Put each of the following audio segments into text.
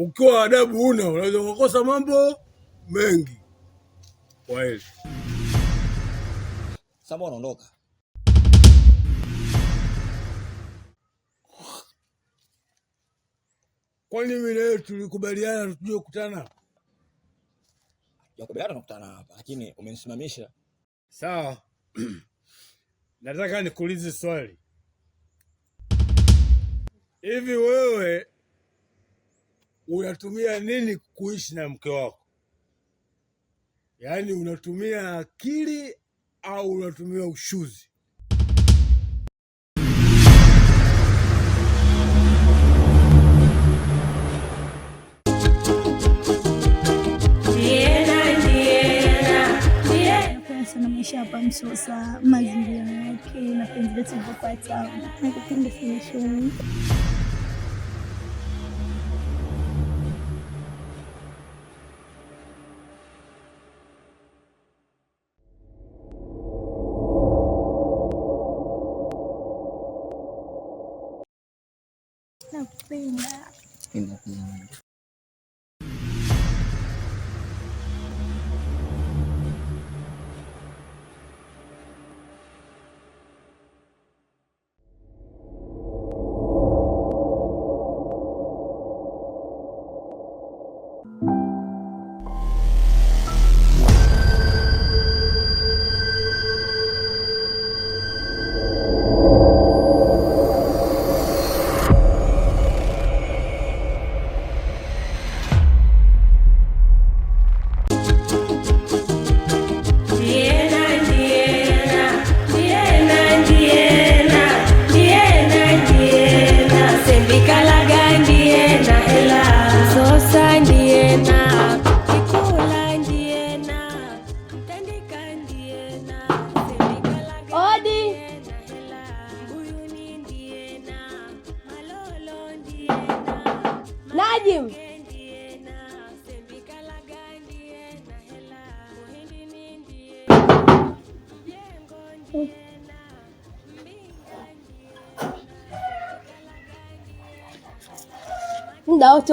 ukiwa adabu una unaweza kukosa mambo mengi. Kwa hili sama unaondoka Kwani mimi nawe tulikubaliana tuje kukutana Tukubaliana hapa, lakini umenisimamisha. Sawa. Nataka nikuulize swali. Hivi wewe unatumia nini kuishi na mke wako? Yaani, unatumia akili au unatumia ushuzi? hapa Msosa, mazingira yake na penzi letu.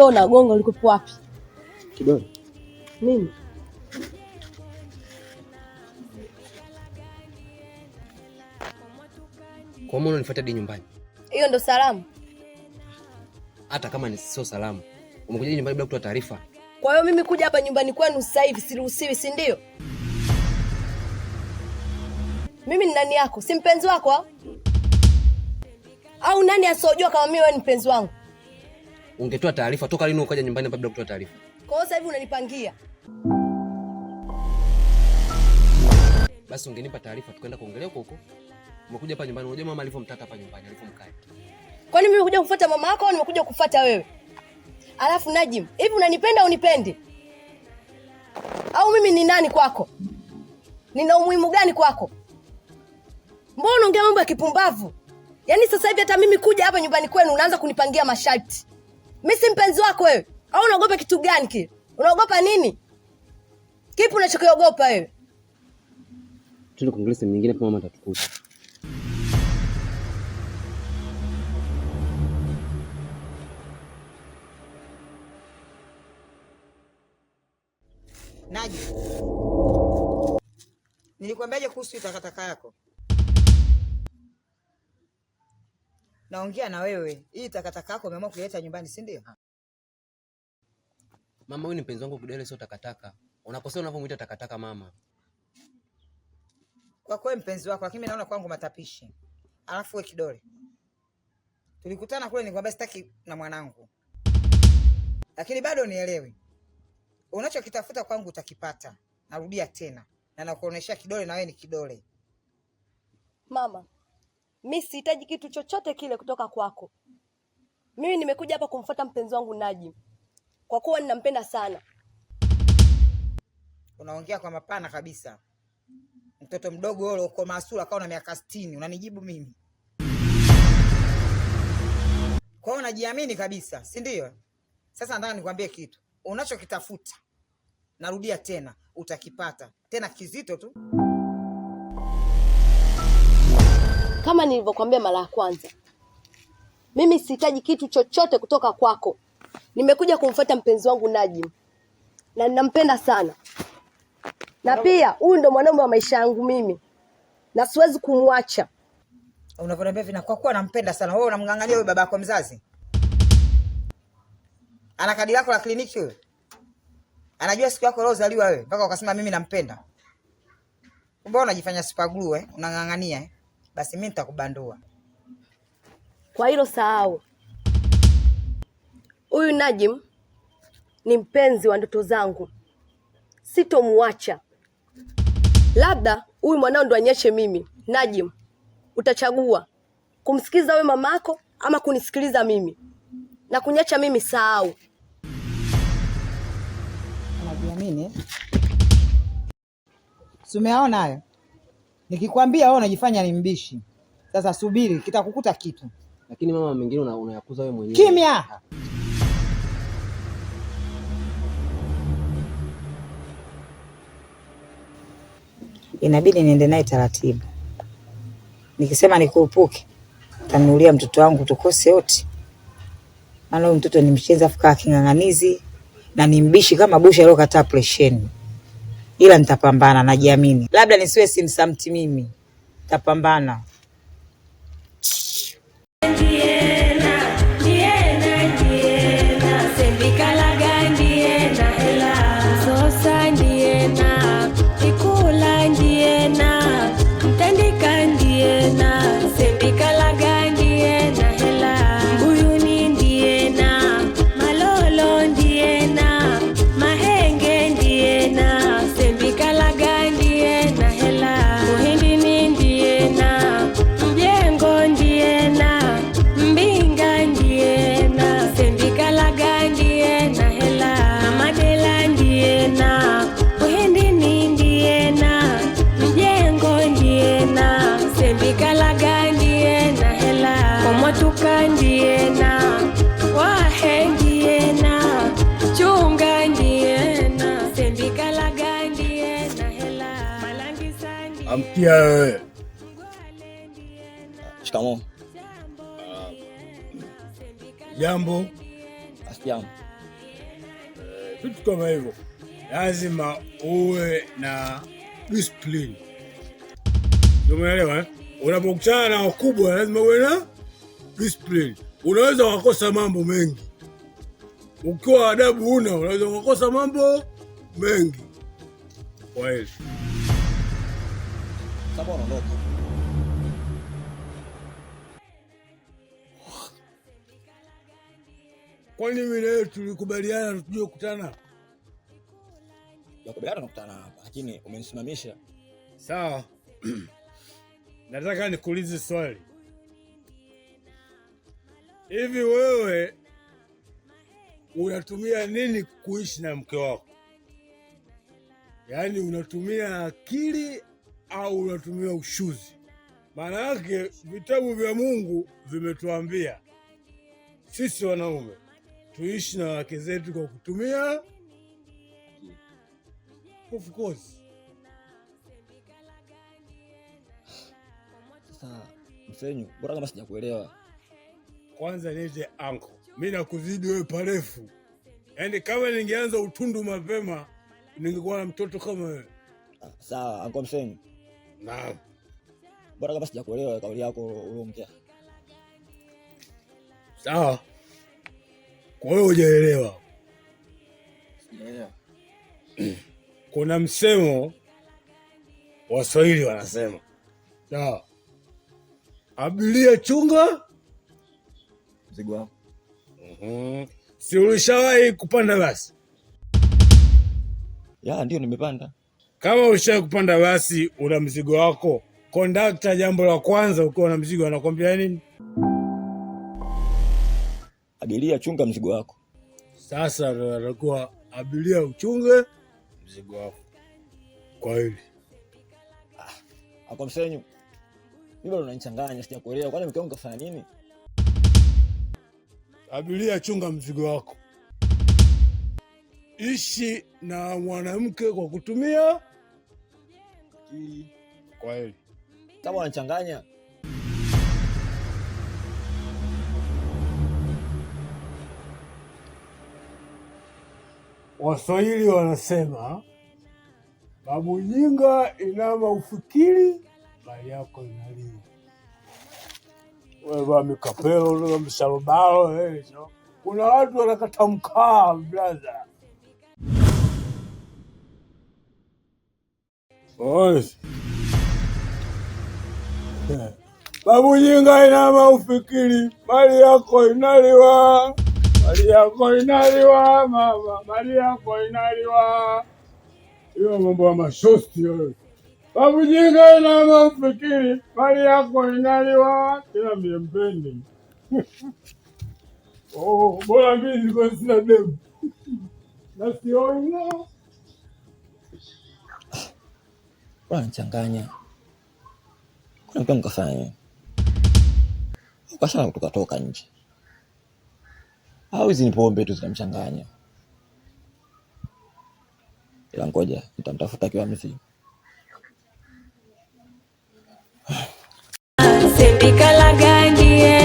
wakati na gongo likupo wapi? Kidole. Nini? Kwa mbona unifuata hadi nyumbani? Hiyo ndo salamu? Hata kama ni sio salamu, umekuja nyumbani bila kutoa taarifa. Kwa hiyo mimi kuja hapa nyumbani kwenu sasa hivi siruhusiwi, si ndio? Mimi ni nani yako? Si mpenzi wako au nani asojua kama mimi wewe ni mpenzi wangu? ungetoa taarifa toka lini ukaja nyumbani hapa bila kutoa taarifa? Kwa sasa hivi unanipangia? Basi ungenipa taarifa tukaenda kuongelea huko huko. Umekuja hapa nyumbani, unajua mama alivyomtaka hapa nyumbani, alivyomkata. Kwa nini mimi nimekuja kufuata mama yako au nimekuja kufuata wewe? Alafu Najim, hivi unanipenda au unipendi? Au mimi ni nani kwako? Nina umuhimu gani kwako? Mbona unaongea mambo ya kipumbavu? Yaani sasa hivi hata mimi kuja hapa nyumbani kwenu unaanza kunipangia masharti misi si mpenzi wako wewe. Au unaogopa kitu gani kile? Unaogopa nini? Kipi unachokiogopa wewe? Tuna kuongelea sehemu nyingine mama atatukuta. Naji. Nilikwambiaje kuhusu takataka yako? naongea na wewe. Hii takataka yako umeamua kuileta nyumbani, si ndio? Mama, huyu ni mpenzi wangu kidole, sio takataka. Unakosea unapomuita takataka mama. Kwa kweli mpenzi wako, lakini mimi naona kwangu matapishi. Alafu wewe kidole, tulikutana kule, nikwambia sitaki na mwanangu, lakini bado nielewi. Unachokitafuta kwangu utakipata, narudia tena, na nakuonesha kidole, na wewe ni kidole mama mi sihitaji kitu chochote kile kutoka kwako. Mimi nimekuja hapa kumfuata mpenzi wangu Najim kwa kuwa ninampenda sana. Unaongea kwa mapana kabisa, mtoto mdogo ule uko masula kawa na miaka sitini, unanijibu mimi kwa hiyo unajiamini kabisa, si ndio? Sasa nataka nikwambie kitu, unachokitafuta narudia tena, utakipata tena kizito tu. Kama nilivyokuambia mara ya kwanza, mimi sihitaji kitu chochote kutoka kwako. Nimekuja kumfuata mpenzi wangu Najim na ninampenda sana, na pia huyu ndo mwanaume wa maisha yangu mimi na siwezi kumwacha. Unavyoniambia vina kwa kuwa nampenda sana, wewe unamng'ang'ania huyo baba yako mzazi? Ana kadi lako la kliniki wewe? Anajua siku yako zaliwa wewe mpaka ukasema mimi nampenda? Mbona unajifanya super glue eh? Unang'ang'ania eh? basi mi nitakubandua kwa hilo. Sahau huyu Najim ni mpenzi wa ndoto zangu, sitomwacha. Labda huyu mwanao ndo anyeshe mimi. Najim, utachagua kumsikiliza wewe mamako ama kunisikiliza mimi na kunyacha mimi? Sahau. Unajiamini? Sumeaona hayo Nikikwambia wewe unajifanya ni mbishi. Sasa subiri, kitakukuta kitu. Lakini mama, mengine unayakuza wewe mwenyewe. Kimya. Inabidi niende naye taratibu. Nikisema nikuupuke, tanulia mtoto wangu tukose yote, Maana huyu mtoto ni mchenzi, afukaa king'ang'anizi na ni mbishi kama busha aliyokataa presheni ila nitapambana, najiamini. Labda nisiwe simsamti mimi, nitapambana. Sikia wewe. Shikamoo. Jambo. Asijambo. Eh, vitu kama hivyo lazima uwe na discipline. Umeelewa eh? Unapokutana na wakubwa lazima uwe na discipline. Unaweza ukakosa mambo mengi ukiwa adabu una, unaweza ukakosa mambo mengi kwa hiyo Sabahın Kwani mimi tulikubaliana tuje kukutana? Nakubaliana nakutana hapa, lakini umenisimamisha. Sawa. Nataka nikuulize swali. Hivi wewe unatumia nini kuishi na mke wako? Yaani unatumia akili au unatumia ushuzi. Maana yake vitabu vya Mungu vimetuambia sisi wanaume tuishi na wake zetu kwa kutumia of course. Sasa Msenyu, bora kama sijakuelewa, kwanza niite anko, mi nakuzidi wewe parefu. Yaani kama ningeanza utundu mapema ningekuwa na mtoto kama wewe. Ah, sawa anko Msenyu. Naam. Bora kama sijakuelewa kauli yako uliongea. Sawa. Kwa hiyo hujaelewa. Kuna msemo Waswahili wanasema, sawa, abiria chunga mzigo wako. Mhm. Si ulishawahi kupanda basi? Ya, ndio nimepanda. Kama ulishawahi kupanda basi, una mzigo wako, kondakta, jambo la kwanza ukiwa na mzigo anakwambia nini? Abiria, chunga mzigo wako. Sasa atakuwa abiria, uchunge mzigo wako. Kwa hili ah, hapo msenyu, mimi unanichanganya, sijakuelewa. Kwani mke wangu kafanya nini? Abiria, chunga mzigo wako ishi na mwanamke kwa kutumia akili. Kwa heli Kama wanachanganya Waswahili wanasema babu jinga inama ufikiri mali yako inalia. Wewe mikapelo msalobalo kuna watu wanakatamkaa brother Babu Jinga, inama ufikiri mali yako inaliwa, mali yako inaliwa mama, mali yako inaliwa. Hiyo mambo ya mashosti yo. Babu Jinga, inama ufikiri mali yako inaliwa, ila mie mpendi oh, bora mimi niko sina demu nasiona unanichanganya, kuna kitu mkafanya ukasana kutokatoka nje, au hizi ni pombe tu zinamchanganya? Ila ngoja nitamtafuta akiwa mzima. Sembikala gani?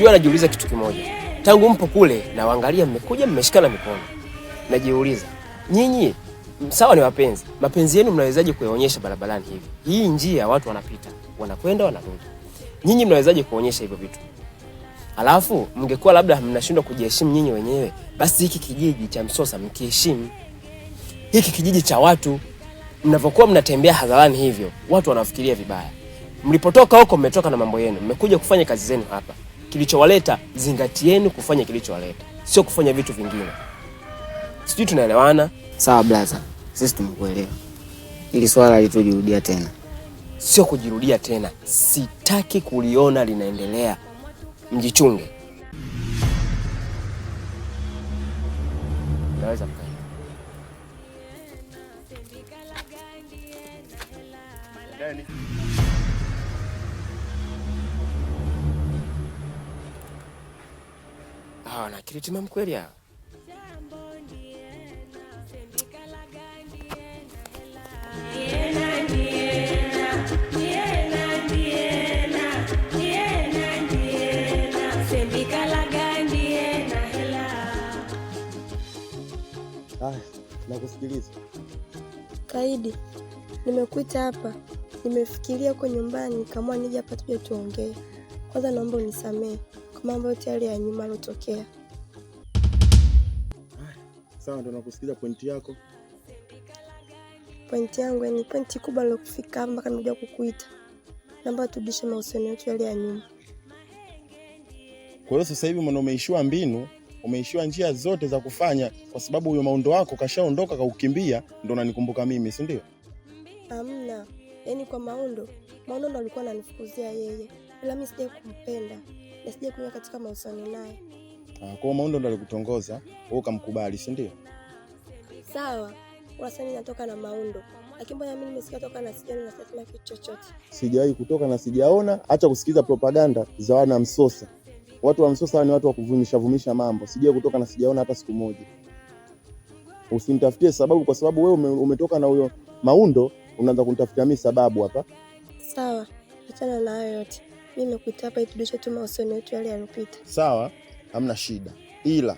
Unajua, najiuliza kitu kimoja tangu mpo kule, nawaangalia mmekuja, mmeshikana mikono, najiuliza nyinyi sawa ni wapenzi, mapenzi yenu mnawezaje kuyaonyesha barabarani hivi? Hii njia watu wanapita, wanakwenda, wanarudi, nyinyi mnawezaje kuonyesha hivyo vitu? Alafu mngekuwa labda mnashindwa kujiheshimu nyinyi wenyewe, basi hiki kijiji cha Msosa mkiheshimu, hiki kijiji cha watu. Mnavyokuwa mnatembea hadharani hivyo, watu wanafikiria vibaya. Mlipotoka huko, mmetoka na mambo yenu, mmekuja kufanya kazi zenu hapa kilichowaleta, zingatieni kufanya kilichowaleta, sio kufanya vitu vingine. Sijui tunaelewana? Sawa blaza, sisi tumekuelewa. Ili swala litojirudia tena, sio kujirudia tena, sitaki kuliona linaendelea. Mjichunge. Naweza you. Hawa ah, na akili mkweli ya. Nakusikiliza Kaidi, nimekuita hapa, nimefikiria huko nyumbani, kama nije hapa tuje tuongee. Kwanza naomba unisamehe mambo yote yale ya nyuma yalotokea. Sawa, ndo nakusikiliza. Pointi yako? Pointi yangu ni pointi kubwa nilokufika mpaka nimekuja kukuita, naomba turudishe mahusiano yetu yale ya nyuma. Kwa hiyo sasa hivi mwana, umeishiwa mbinu, umeishiwa njia zote za kufanya, kwa sababu huyo maundo wako kashaondoka, kaukimbia, ndo nanikumbuka mimi, si ndio? Amna, yaani kwa maundo, maundo ndo alikuwa ananifukuzia yeye, ila mi sijai kumpenda nasija kuingia katika mahusiano naye. Ah, kwa Maundo ndo alikutongoza wewe ukamkubali, si ndio? Sawa, unasema natoka na Maundo, lakini mbona mimi nimesikia toka na sijaona na sasa kitu chochote. Sijawahi kutoka na sijaona. Acha kusikiza propaganda za wana Msosa. Watu wa Msosa ni watu wa kuvumisha vumisha mambo. Sijawahi kutoka na sijaona hata siku moja. Usinitafutie sababu kwa sababu wewe umetoka na huyo Maundo, unaanza kunitafutia mimi sababu hapa. Sawa, achana na hayo yote mimi nimekuita hapa ili turudishe tu mahusiano yetu yale yaliyopita. Sawa, hamna shida, ila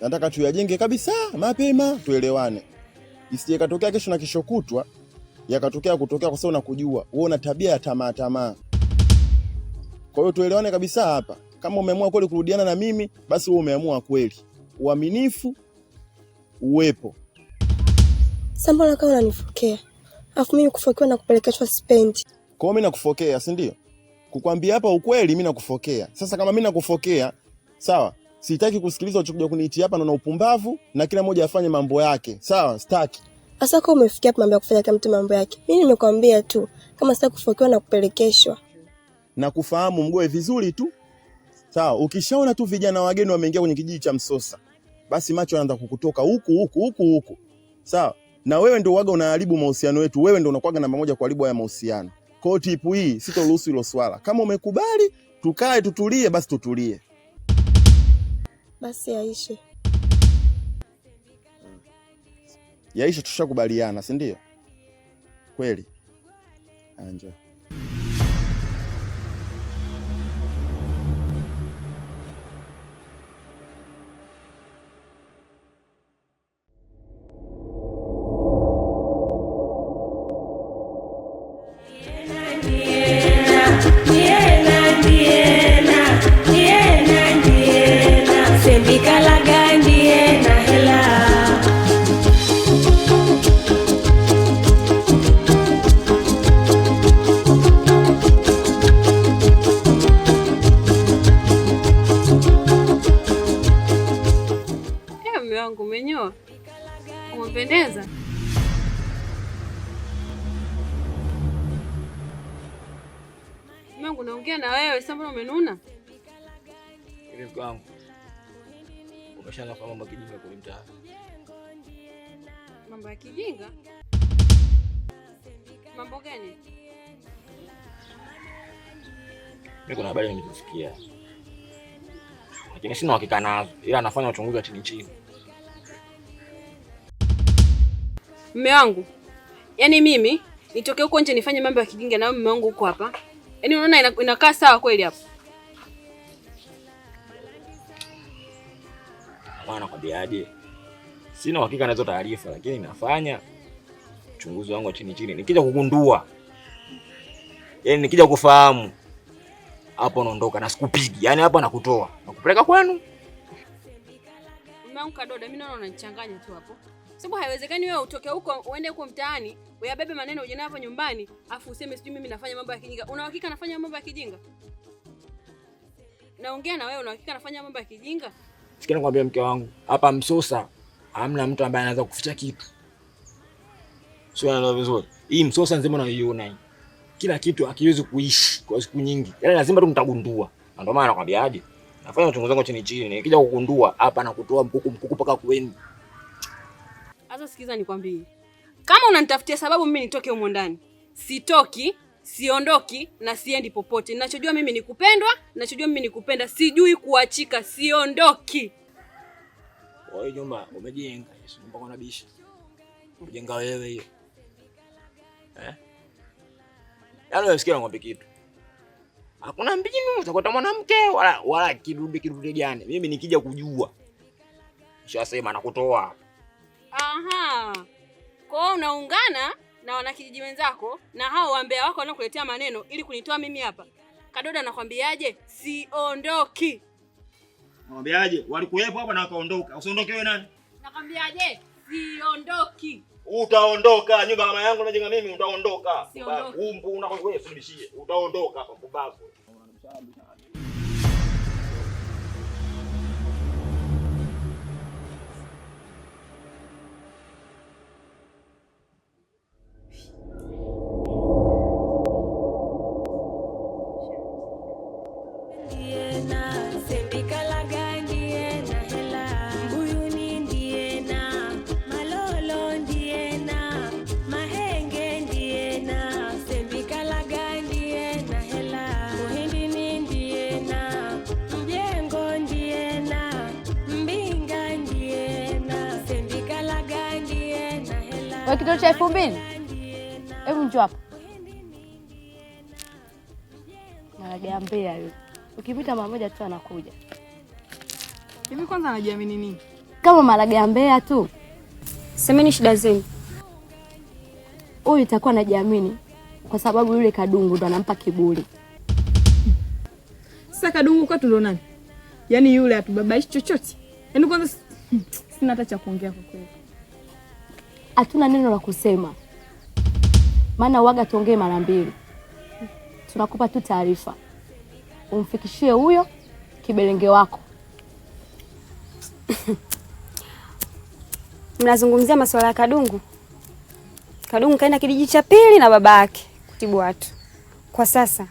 nataka tuyajenge kabisa mapema, tuelewane, isije katokea kesho na kesho kutwa yakatokea kutokea, kwa sababu nakujua wewe una tabia ya tamaa tamaa. Kwa hiyo tuelewane kabisa hapa. Kama umeamua kweli kurudiana na mimi, basi wewe umeamua kweli. Uaminifu uwepo. Sambo, kama unanifokea afu mimi kufokea na kupelekeshwa spendi. Kwa hiyo mimi nakufokea, si ndio? kukwambia hapa ukweli, mi nakufokea. Sasa kama mi nakufokea, sawa, sitaki kusikiliza uchokuja kuniitia hapa naona upumbavu, na kila mmoja afanye mambo yake, sawa, sitaki. hasa. kwa umefikia hapa, kumwambia kufanya kila mtu mambo yake, mimi nimekwambia tu kama sitaki kufokewa na kupelekeshwa na kufahamu mgoe vizuri tu, sawa. Ukishaona tu vijana wageni wameingia kwenye kijiji cha Msosa, basi macho yanaanza kukutoka huku huku huku huku, sawa. Na wewe ndio uwaga unaharibu mahusiano yetu, wewe ndio unakuwaga namba moja kuharibu haya mahusiano. Kwa hiyo tipu hii sitoruhusu hilo swala. Kama umekubali tukae tutulie, basi tutulie. Basi yaishe yaishe, tushakubaliana, si ndio? Kweli anjo mambo ya kijinga. Mambo gani? Mimi kuna habari nimezisikia, lakini sina uhakika nazo, ila anafanya uchunguzi wa chini chini. Mme wangu, yaani mimi nitoke huko nje nifanye mambo ya kijinga na mme wangu huko hapa, yaani unaona inakaa sawa kweli hapo? Nakwambiaje? Sina uhakika na hizo taarifa, lakini nafanya uchunguzi wangu chini chini, nikija kugundua, yani, nikija kufahamu, hapo naondoka na sikupigi, yani hapo nakutoa nakupeleka kwenu. Kadoda, mimi naona unanichanganya tu hapo, sababu haiwezekani wewe utoke huko uende huko mtaani uyabebe maneno uje nayo nyumbani, afu useme sijui mimi nafanya mambo ya kijinga. Una uhakika nafanya mambo ya kijinga? Naongea na wewe, una uhakika nafanya mambo ya kijinga? Sikia, nakwambia mke wangu hapa msusa hamna mtu ambaye anaweza kuficha kitu, sio? Naelewa vizuri. Hii msosa nzima unaiona hii. kila kitu akiwezi kuishi kwa siku nyingi, yaani lazima tu mtagundua. Na Ndio maana nakwambia aje. nafanya mchunguzi wangu chini chini, nikija kugundua hapa na kutoa mkuku mkuku mpaka kuweni. Sasa sikiza nikwambie, kama unanitafutia sababu mimi nitoke humo ndani, sitoki siondoki na siendi popote. Ninachojua mimi ni kupendwa, ninachojua mimi ni kupenda, sijui kuachika, siondoki. Kwa hiyo nyumba umejenga, Yesu nyumba kwa nabisha. Umejenga wewe hiyo. Eh? Yaani unasikia nakwambia kitu. Hakuna mbinu utakuta mwanamke wala wala kidude kidude gani. Mimi nikija kujua. Nishasema nakutoa. Aha. Kwa hiyo unaungana na wanakijiji wenzako na hao wambea wako wanakuletea maneno ili kunitoa mimi hapa. Kadoda anakwambiaje? Siondoki. Nakwambiaje? Walikuwepo hapa na wakaondoka. Usiondoke wewe nani? Nakwambiaje? Siondoki. Utaondoka nyumba mama yangu najenga mimi utaondoka. Utaondoka hapa mpumbavu. we kitoto cha elfu mbili. Hebu njoo hapa anagambia yule, ukipita mara moja tu anakuja hivi. Kwanza anajiamini nini kama maragambea tu? Semeni shida zenu. Huyu itakuwa anajiamini kwa sababu yule kadungu ndo anampa kiburi. Sasa kadungu kwetu ndo nani? Yaani yule atubabaishi chochote. E, yaani kwanza sina hata cha kuongea kwa kweli hatuna neno la kusema, maana waga tuongee mara mbili, tunakupa tu taarifa umfikishie huyo kibelenge wako. Mnazungumzia masuala ya Kadungu. Kadungu kaenda kijiji cha pili na baba yake kutibu watu. Kwa sasa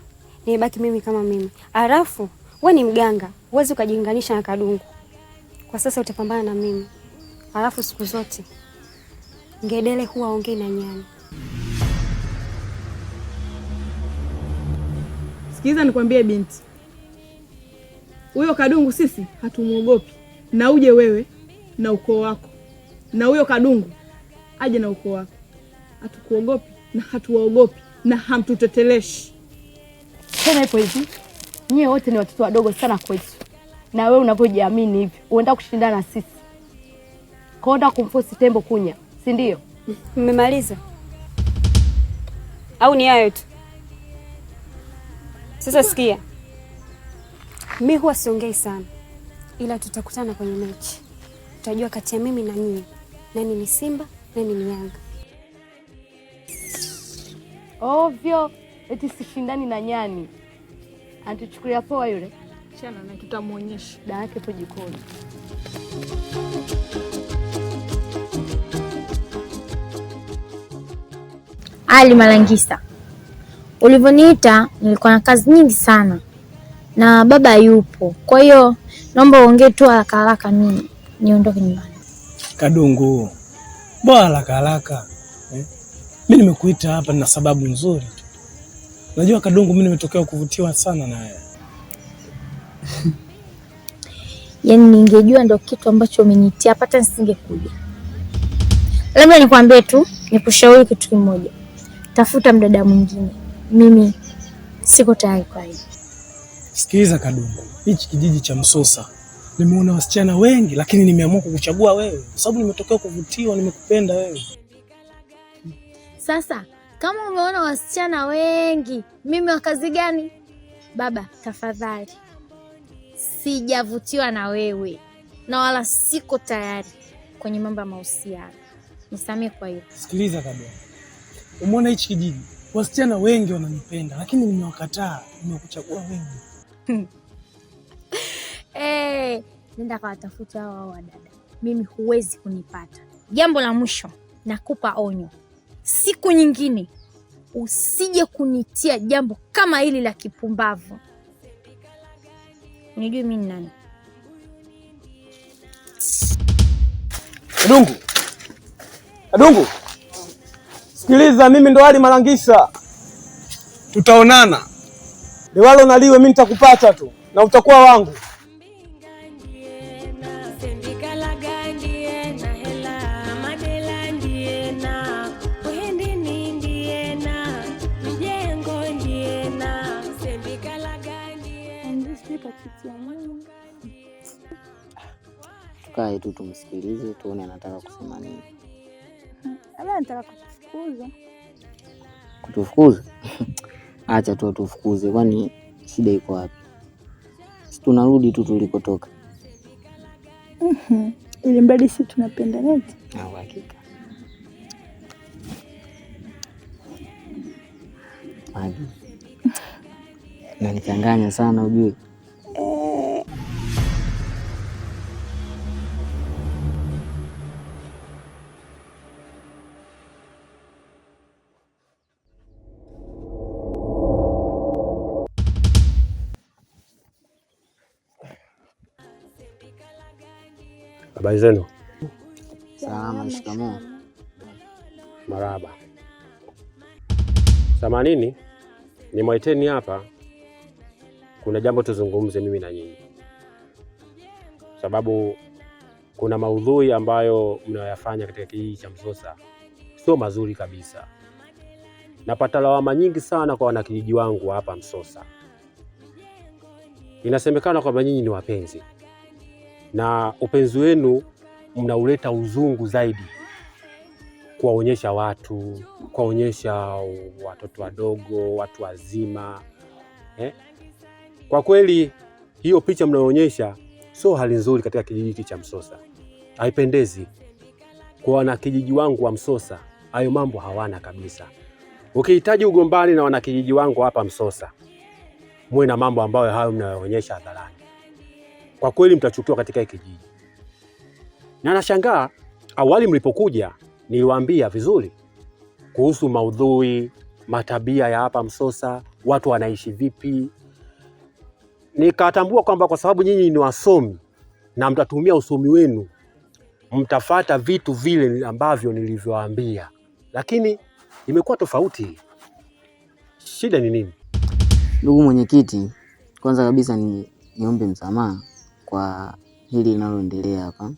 nimebaki mimi kama mimi, alafu we ni mganga, huwezi ukajilinganisha na Kadungu. Kwa sasa utapambana na mimi, alafu siku zote ngedele huwa ongei na nyani. Sikiliza nikwambie binti, huyo kadungu sisi hatumwogopi, na uje wewe na ukoo wako, na huyo kadungu aje na ukoo wako. Hatukuogopi na hatuwaogopi na hamtuteteleshi sena ipo hivi, nyie wote ni watoto wadogo sana kwetu, na wewe unavyojiamini hivyo uenda kushindana na sisi, kaenda kumfosi tembo kunya si ndio? Mmemaliza au ni hayo tu? Sasa sikia, mi huwa siongei sana, ila tutakutana kwenye mechi, tutajua kati ya mimi na nyinyi nani ni Simba nani ni Yanga. Ovyo eti sishindani na nyani, anatuchukulia poa yule. Chana na tutamwonyesha dada yake jikoni. Ali Malangisa, ulivyoniita nilikuwa na kazi nyingi sana na baba yupo, kwa hiyo naomba uongee tu haraka haraka, mimi niondoke nyumbani. Kadungu bora haraka haraka eh? Mimi nimekuita hapa na sababu nzuri. Najua Kadungu, mimi nimetokea kuvutiwa sana naye yaani ningejua ndio kitu ambacho umenitia hapa, hata nisingekuja. Labda nikwambie tu, nikushauri kitu kimoja tafuta mdada mwingine, mimi siko tayari kwa hili. Sikiliza Kadungu, hichi kijiji cha Msosa nimeona wasichana wengi, lakini nimeamua kukuchagua wewe kwa sababu nimetokea kuvutiwa, nimekupenda wewe. Sasa kama umeona wasichana wengi, mimi wa kazi gani? Baba tafadhali, sijavutiwa na wewe na wala siko tayari kwenye mambo ya mahusiano, nisamee kwa hiyo. Sikiliza kabisa Umeona hichi kijiji, wasichana wengi wananipenda, lakini nimewakataa. Nimekuchagua wengi Hey, eh, nenda kawatafuta hawa wadada, mimi huwezi kunipata. Jambo la mwisho, nakupa onyo, siku nyingine usije kunitia jambo kama hili la kipumbavu. Unijui mi ni nani? Adungu, Adungu. Sikiliza, mimi ndo Ali Malangisa, tutaonana liwalo na liwe, mimi nitakupata tu na utakuwa wangu. Tukae tu tumsikilize, tuone anataka kusema nini. Labda anataka Kutufukuza? Acha tu atufukuze, kwani shida iko wapi? Si tunarudi tu tulikotoka. mm Ili mradi si tunapendana. Hakika nanichanganya sana, ujue Habari zenu? Salama. Shikamoo. Maraba. Samanini, nimwaiteni hapa, kuna jambo tuzungumze mimi na nyinyi, sababu kuna maudhui ambayo mnayoyafanya katika kijiji cha Msosa sio mazuri kabisa. Napata lawama nyingi sana kwa wanakijiji wangu hapa Msosa. Inasemekana kwamba nyinyi ni wapenzi na upenzi wenu mnauleta uzungu zaidi kuwaonyesha watu, kuwaonyesha watoto wadogo, watu wazima eh? Kwa kweli hiyo picha mnayoonyesha sio hali nzuri katika kijiji hiki cha Msosa, haipendezi kwa wanakijiji wangu wa Msosa. Hayo mambo hawana kabisa. Ukihitaji ugombani na wanakijiji wangu hapa Msosa, muwe na mambo ambayo hayo mnayoonyesha hadharani kwa kweli mtachukiwa katika hiki kijiji. Na nashangaa awali mlipokuja niliwaambia vizuri kuhusu maudhui, matabia ya hapa Msosa, watu wanaishi vipi. Nikatambua kwamba kwa sababu nyinyi ni wasomi na mtatumia usomi wenu, mtafata vitu vile ambavyo nilivyowaambia, lakini imekuwa tofauti. Shida ni nini? Ndugu mwenyekiti, kwanza kabisa ni niombe msamaha kwa hili linaloendelea hapa.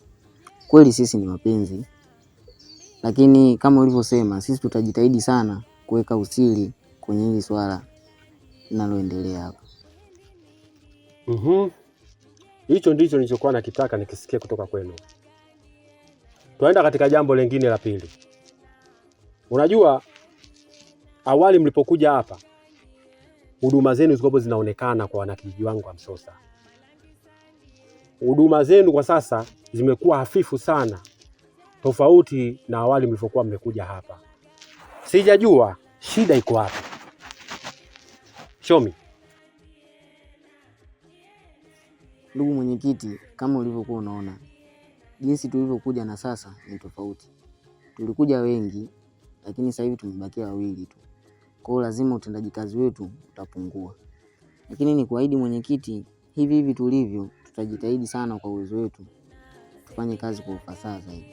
Kweli sisi ni wapenzi, lakini kama ulivyosema, sisi tutajitahidi sana kuweka usiri kwenye hili swala linaloendelea hapa. Mm-hmm. Hicho ndicho nilichokuwa nakitaka nikisikia kutoka kwenu. Tunaenda katika jambo lingine la pili. Unajua, awali mlipokuja hapa, huduma zenu zilikuwa zinaonekana kwa wanakijiji wangu wa Msosa huduma zenu kwa sasa zimekuwa hafifu sana, tofauti na awali mlivyokuwa mmekuja hapa. Sijajua shida iko wapi. Shomi. Ndugu mwenyekiti, kama ulivyokuwa unaona jinsi tulivyokuja na sasa ni tofauti. Tulikuja wengi, lakini sasa hivi tumebakia wawili tu. Kwa hiyo lazima utendaji kazi wetu utapungua, lakini ni kuahidi mwenyekiti, hivi hivi tulivyo tutajitahidi sana kwa uwezo wetu tufanye kazi kwa ufasaha zaidi.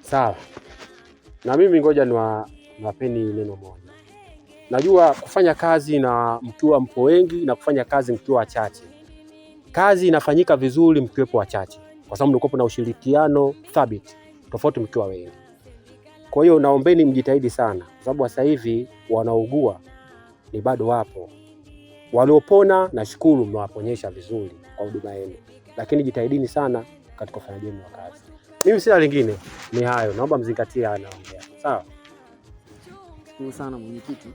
Sawa, na mimi ngoja niwapeni neno moja. Najua kufanya kazi na mkiwa mpo wengi na kufanya kazi mkiwa wachache, kazi inafanyika vizuri mkiwepo wachache, kwa sababu mlikuwa na ushirikiano thabiti, tofauti mkiwa wengi. Kwa hiyo naombeni mjitahidi sana, kwa sababu sasa hivi wanaugua ni bado wapo. Waliopona nashukuru, mmewaponyesha vizuri kwa huduma yenu, lakini jitahidini sana katika ufanyaji wa kazi. Mimi sina lingine, ni hayo. Naomba mzingatie haya naongea. Sawa. Shukuru sana mwenyekiti.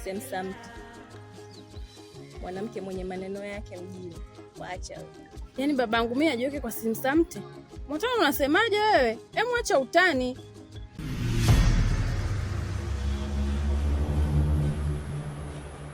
same Samti, mwanamke mwenye maneno yake mjini. Waacha yaani, babangu mimi ajiweke kwa Sam Samti. unasemaje wewe? Hemu acha utani.